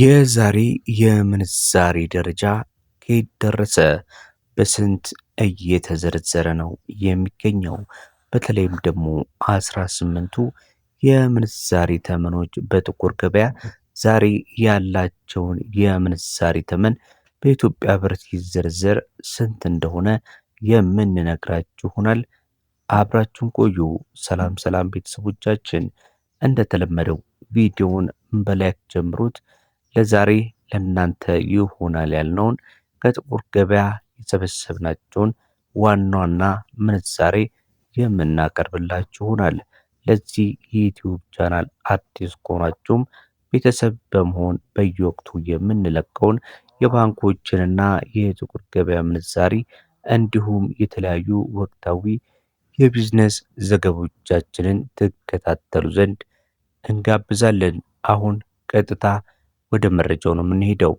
የዛሬ የምንዛሬ ደረጃ ከየት ደረሰ? በስንት እየተዘረዘረ ነው የሚገኘው? በተለይም ደግሞ አስራ ስምንቱ የምንዛሪ ተመኖች በጥቁር ገበያ ዛሬ ያላቸውን የምንዛሪ ተመን በኢትዮጵያ ብር ሲዘረዘር ስንት እንደሆነ የምንነግራችሁ ይሆናል። አብራችሁን ቆዩ። ሰላም ሰላም ቤተሰቦቻችን፣ እንደተለመደው ቪዲዮውን በላይክ ጀምሩት። ለዛሬ ለእናንተ ይሆናል ያልነውን ከጥቁር ገበያ የሰበሰብናቸውን ዋና ዋና ምንዛሬ የምናቀርብላችሁ ይሆናል። ለዚህ የዩትዩብ ቻናል አዲስ ከሆናችሁም ቤተሰብ በመሆን በየወቅቱ የምንለቀውን የባንኮችንና የጥቁር ገበያ ምንዛሪ እንዲሁም የተለያዩ ወቅታዊ የቢዝነስ ዘገቦቻችንን ትከታተሉ ዘንድ እንጋብዛለን። አሁን ቀጥታ ወደ መረጃው ነው የምንሄደው።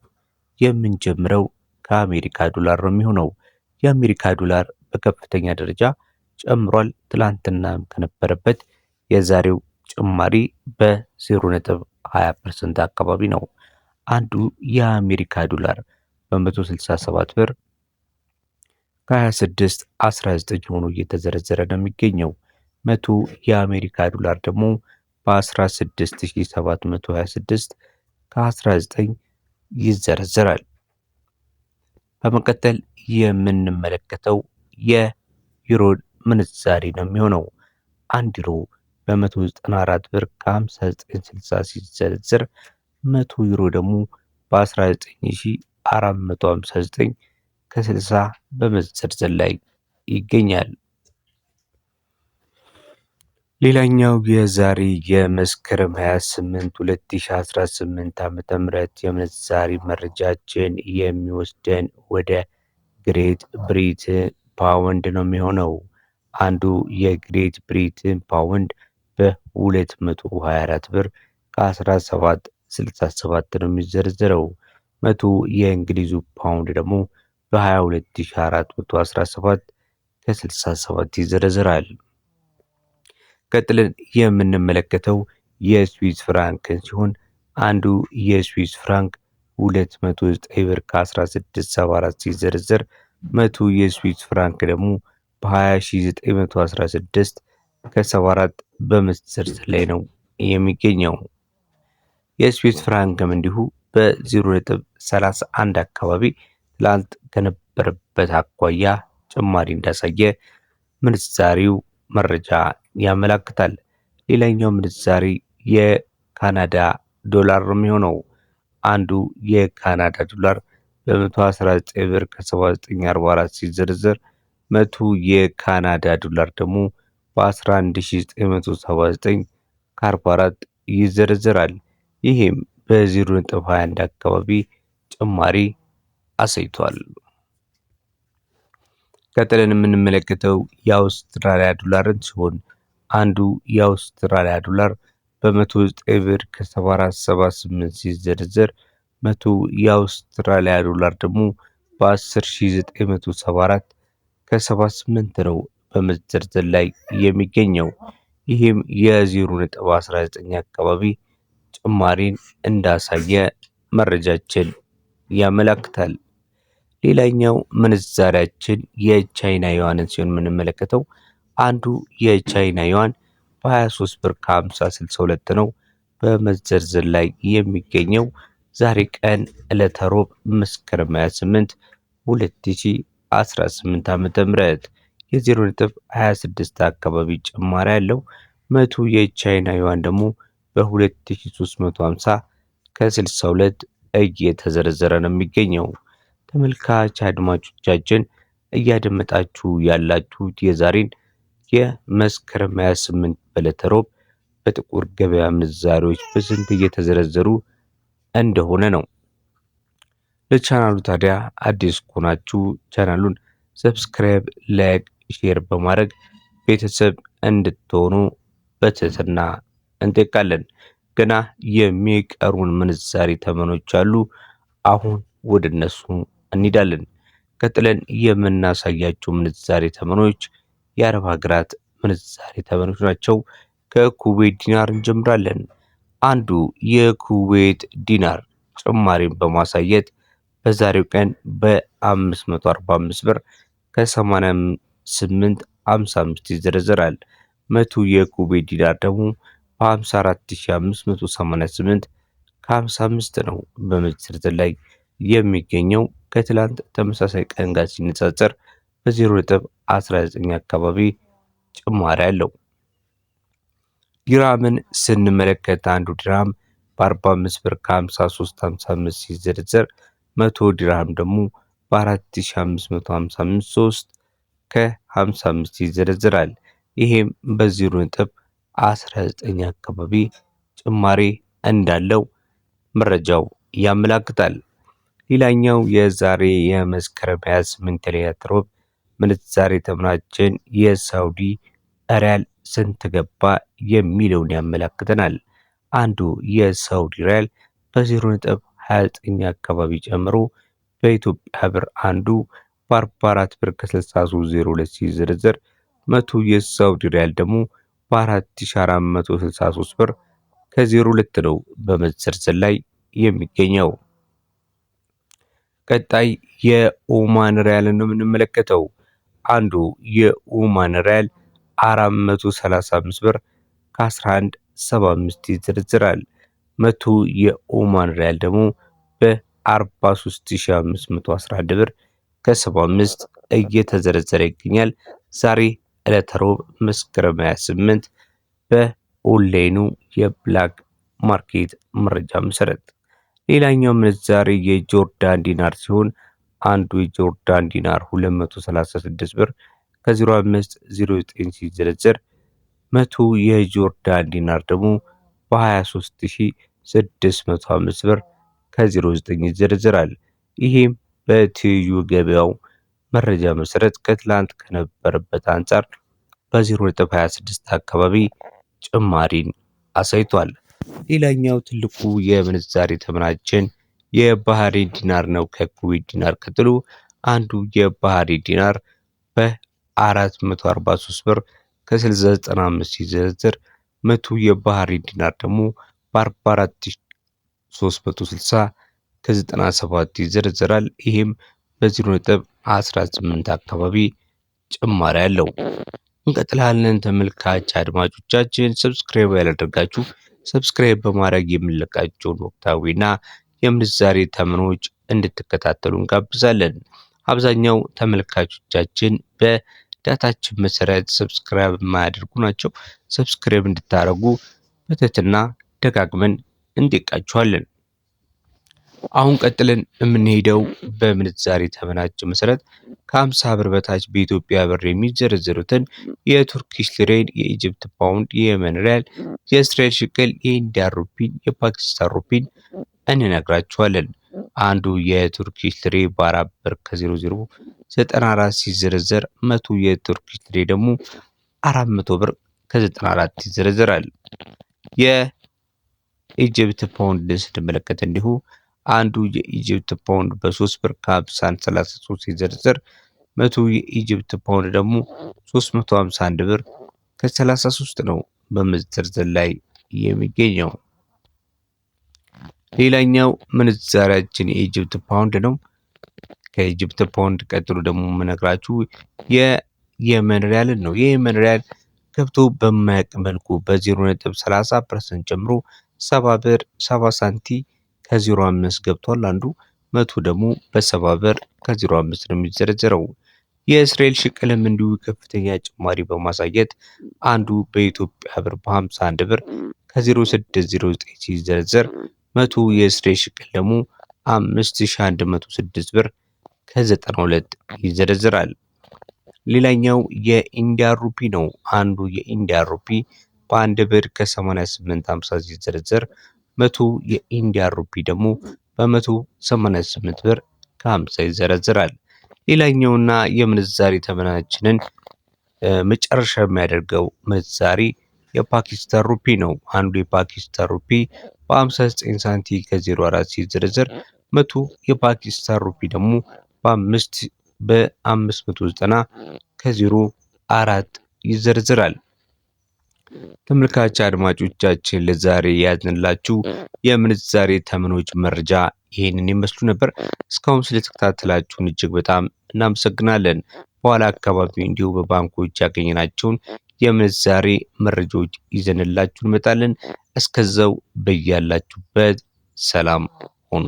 የምንጀምረው ከአሜሪካ ዶላር ነው የሚሆነው። የአሜሪካ ዶላር በከፍተኛ ደረጃ ጨምሯል። ትላንትና ከነበረበት የዛሬው ጭማሪ በ0.20 ፐርሰንት አካባቢ ነው። አንዱ የአሜሪካ ዶላር በ167 ብር ከ26 19 ሆኖ እየተዘረዘረ ነው የሚገኘው። መቶ የአሜሪካ ዶላር ደግሞ በ16726 ከ19 ይዘረዘራል። በመቀጠል የምንመለከተው የዩሮ ምንዛሬ ነው የሚሆነው። አንድ ዩሮ በ194 ብር ከ5960 ሲዘረዘር 100 ዩሮ ደግሞ በ19459 ከ60 በመዘርዘር ላይ ይገኛል። ሌላኛው የዛሬ የመስከረም 28 2018 ዓ.ም የምንዛሬ መረጃችን የሚወስደን ወደ ግሬት ብሪትን ፓውንድ ነው የሚሆነው። አንዱ የግሬት ብሪትን ፓውንድ በ224 ብር ከ1767 ነው የሚዘረዘረው። መቶ የእንግሊዙ ፓውንድ ደግሞ በ22417 ከ67 ይዘረዝራል። ቀጥለን የምንመለከተው የስዊዝ ፍራንክን ሲሆን አንዱ የስዊዝ ፍራንክ 209 ብር ከ1674 ሲዘረዘር መቶ የስዊዝ ፍራንክ ደግሞ በ20916 ከ74 በመዘርዘር ላይ ነው የሚገኘው። የስዊዝ ፍራንክም እንዲሁ በ0.31 አካባቢ ትላንት ከነበረበት አኳያ ጭማሪ እንዳሳየ ምንዛሪው መረጃ ያመላክታል። ሌላኛው ምንዛሪ የካናዳ ዶላር ነው የሚሆነው። አንዱ የካናዳ ዶላር በ119 ብር ከ7944 ሲዘረዘር መቶ የካናዳ ዶላር ደግሞ በ11979 ከ44 ይዘረዘራል። ይህም በ0.21 አካባቢ ጭማሪ አሳይቷል። ቀጥለን የምንመለከተው የአውስትራሊያ ዶላርን ሲሆን አንዱ የአውስትራሊያ ዶላር በ109 ብር ከ7478 ሲዘረዘር 100 የአውስትራሊያ ዶላር ደግሞ በ10974 ከ78 ነው በመዘርዘር ላይ የሚገኘው። ይህም የ0.19 አካባቢ ጭማሪን እንዳሳየ መረጃችን ያመላክታል። ሌላኛው ምንዛሪያችን የቻይና ዩዋንን ሲሆን የምንመለከተው አንዱ የቻይና ዩዋን በ23 ብር ከ5062 ነው በመዘርዘር ላይ የሚገኘው ዛሬ ቀን ዕለተ ሮብ መስከረም 28 2018 ዓ.ም የዜሮ ነጥብ 26 አካባቢ ጭማሪ ያለው መቶ የቻይና ዩዋን ደግሞ በ2350 ከ62 እየተዘረዘረ ነው የሚገኘው። ተመልካች አድማጮቻችን እያደመጣችሁ ያላችሁት የዛሬን የመስከረም 28 በዕለተ ሮብ በጥቁር ገበያ ምንዛሪዎች በስንት እየተዘረዘሩ እንደሆነ ነው። ለቻናሉ ታዲያ አዲስ ከሆናችሁ ቻናሉን ሰብስክራይብ፣ ላይክ፣ ሼር በማድረግ ቤተሰብ እንድትሆኑ በትህትና እንጠይቃለን። ገና የሚቀሩን ምንዛሪ ተመኖች አሉ። አሁን ወደ እነሱ እንሄዳለን። ቀጥለን የምናሳያቸው ምንዛሬ ተመኖች የአረብ ሀገራት ምንዛሬ ተመኖች ናቸው። ከኩዌት ዲናር እንጀምራለን። አንዱ የኩዌት ዲናር ጭማሪን በማሳየት በዛሬው ቀን በ545 ብር ከ8855 ይዘረዘራል። መቶ የኩዌት ዲናር ደግሞ በ54588 ከ55 ነው በመዘርዘር ላይ የሚገኘው ከትላንት ተመሳሳይ ቀን ጋር ሲነጻጸር በ0.19 አካባቢ ጭማሪ አለው። ዲራምን ስንመለከት አንዱ ዲራም በ45 ብር ከ5355 ሲዘረዘር 100 ዲራም ደግሞ በ 3 ከ55 ይዘረዝራል። ይሄም በ 019 19 አካባቢ ጭማሪ እንዳለው መረጃው ያመላክታል። ሌላኛው የዛሬ የመስከረም 28 ዕለት ሮብ ምንዛሬ ተመናችን የሳውዲ ሪያል ስንት ገባ የሚለውን ያመላክተናል። አንዱ የሳውዲ ሪያል በ0.29 አካባቢ ጨምሮ በኢትዮጵያ ብር አንዱ በ44 ብር ከ6302 ሲዘረዘር መቶ የሳውዲ ሪያል ደግሞ በ4463 ብር ከ02 ነው በመዘርዘር ላይ የሚገኘው። ቀጣይ የኦማን ሪያልን ነው የምንመለከተው። አንዱ የኦማን ሪያል 435 ብር ከ 1175 ይዘረዝራል። መቶ የኦማን ሪያል ደግሞ በ43511 ብር ከ75 እየተዘረዘረ ይገኛል። ዛሬ ዕለተ ሮብ መስከረም 28 በኦንላይኑ የብላክ ማርኬት መረጃ መሰረት ሌላኛው ምንዛሬ የጆርዳን ዲናር ሲሆን አንዱ የጆርዳን ዲናር 236 ብር ከ0509 ሲዘረዘር 100 የጆርዳን ዲናር ደግሞ በ23605 ብር ከ09 ይዘረዘራል። ይህም በትይዩ ገበያው መረጃ መሰረት ከትላንት ከነበረበት አንጻር በ0.26 አካባቢ ጭማሪን አሳይቷል። ሌላኛው ትልቁ የምንዛሬ ተመናችን የባህሬን ዲናር ነው። ከኩዌት ዲናር ቀጥሎ አንዱ የባህሬን ዲናር በ443 ብር ከ6095 ሲዘረዝር መቶ የባህሬን ዲናር ደግሞ በ44360 ከ97 ይዘረዘራል። ይህም በ 18 አካባቢ ጭማሪ አለው። እንቀጥላለን ተመልካች አድማጮቻችን፣ ሰብስክራይብ ያላደርጋችሁ ሰብስክራይብ በማድረግ የምንለቃቸውን ወቅታዊና የምንዛሬ ተመኖች እንድትከታተሉ እንጋብዛለን። አብዛኛው ተመልካቾቻችን በዳታችን መሰረት ሰብስክራይብ የማያደርጉ ናቸው። ሰብስክራይብ እንድታደርጉ በትህትና ደጋግመን እንጠይቃችኋለን። አሁን ቀጥለን የምንሄደው በምንዛሬ ተመናቸው መሰረት ከአምሳ ብር በታች በኢትዮጵያ ብር የሚዘረዘሩትን የቱርኪሽ ሊሬን፣ የኢጅፕት ፓውንድ፣ የየመን ሪያል፣ የእስራኤል ሽቅል፣ የኢንዲያ ሩፒን፣ የፓኪስታን ሩፒን እንነግራችኋለን። አንዱ የቱርኪሽ ሊሬ በአራት ብር ከ0094 ሲዘረዘር መቶ የቱርኪሽ ሊሬ ደግሞ 400 ብር ከ94 ይዘረዘራል። የኢጅፕት ፓውንድን ስንመለከት እንዲሁ አንዱ የኢጅፕት ፓውንድ በ3 ብር ከ50 ሲዘርዘር 100 የኢጅፕት ፓውንድ ደግሞ 351 ብር ከ33 ነው በመዘርዘር ላይ የሚገኘው። ሌላኛው ምንዛሪያችን የኢጅፕት ፓውንድ ነው። ከኢጅፕት ፓውንድ ቀጥሎ ደግሞ የምነግራችሁ የየመን ሪያልን ነው። የየመን ሪያል ገብቶ በማያውቅ መልኩ በ0.30 ፐርሰንት ጀምሮ 70 ብር 70 ሳንቲ ከዜሮ አምስት ገብቷል። አንዱ መቶ ደግሞ በሰባ ብር ከዜሮ አምስት ነው የሚዘረዘረው። የእስራኤል ሽቅልም እንዲሁ ከፍተኛ ጭማሪ በማሳየት አንዱ በኢትዮጵያ ብር በ51 ብር ከ0609 ሲዘረዘር መቶ የእስራኤል ሽቅል ደግሞ 5106 ብር ከ92 ይዘረዘራል። ሌላኛው የኢንዲያ ሩፒ ነው። አንዱ የኢንዲያ ሩፒ በአንድ ብር ከ8850 ሲዘረዘር መቶ የኢንዲያ ሩፒ ደግሞ በ188 ብር ከ50 ይዘረዝራል። ሌላኛውና የምንዛሪ ተመናችንን መጨረሻ የሚያደርገው ምንዛሪ የፓኪስታን ሩፒ ነው። አንዱ የፓኪስታን ሩፒ በ59 ሳንቲ ከ04 ሲዘረዘር መቶ የፓኪስታን ሩፒ ደግሞ በ5 በ590 ከ04 ይዘረዝራል። ተመልካች አድማጮቻችን ለዛሬ ያዝንላችሁ የምንዛሬ ተመኖች መረጃ ይህንን ይመስሉ ነበር። እስካሁን ስለተከታተላችሁን እጅግ በጣም እናመሰግናለን። በኋላ አካባቢ እንዲሁ በባንኮች ያገኘናቸውን የምንዛሬ መረጃዎች ይዘንላችሁ እንመጣለን። እስከዛው በያላችሁበት ሰላም ሆኑ።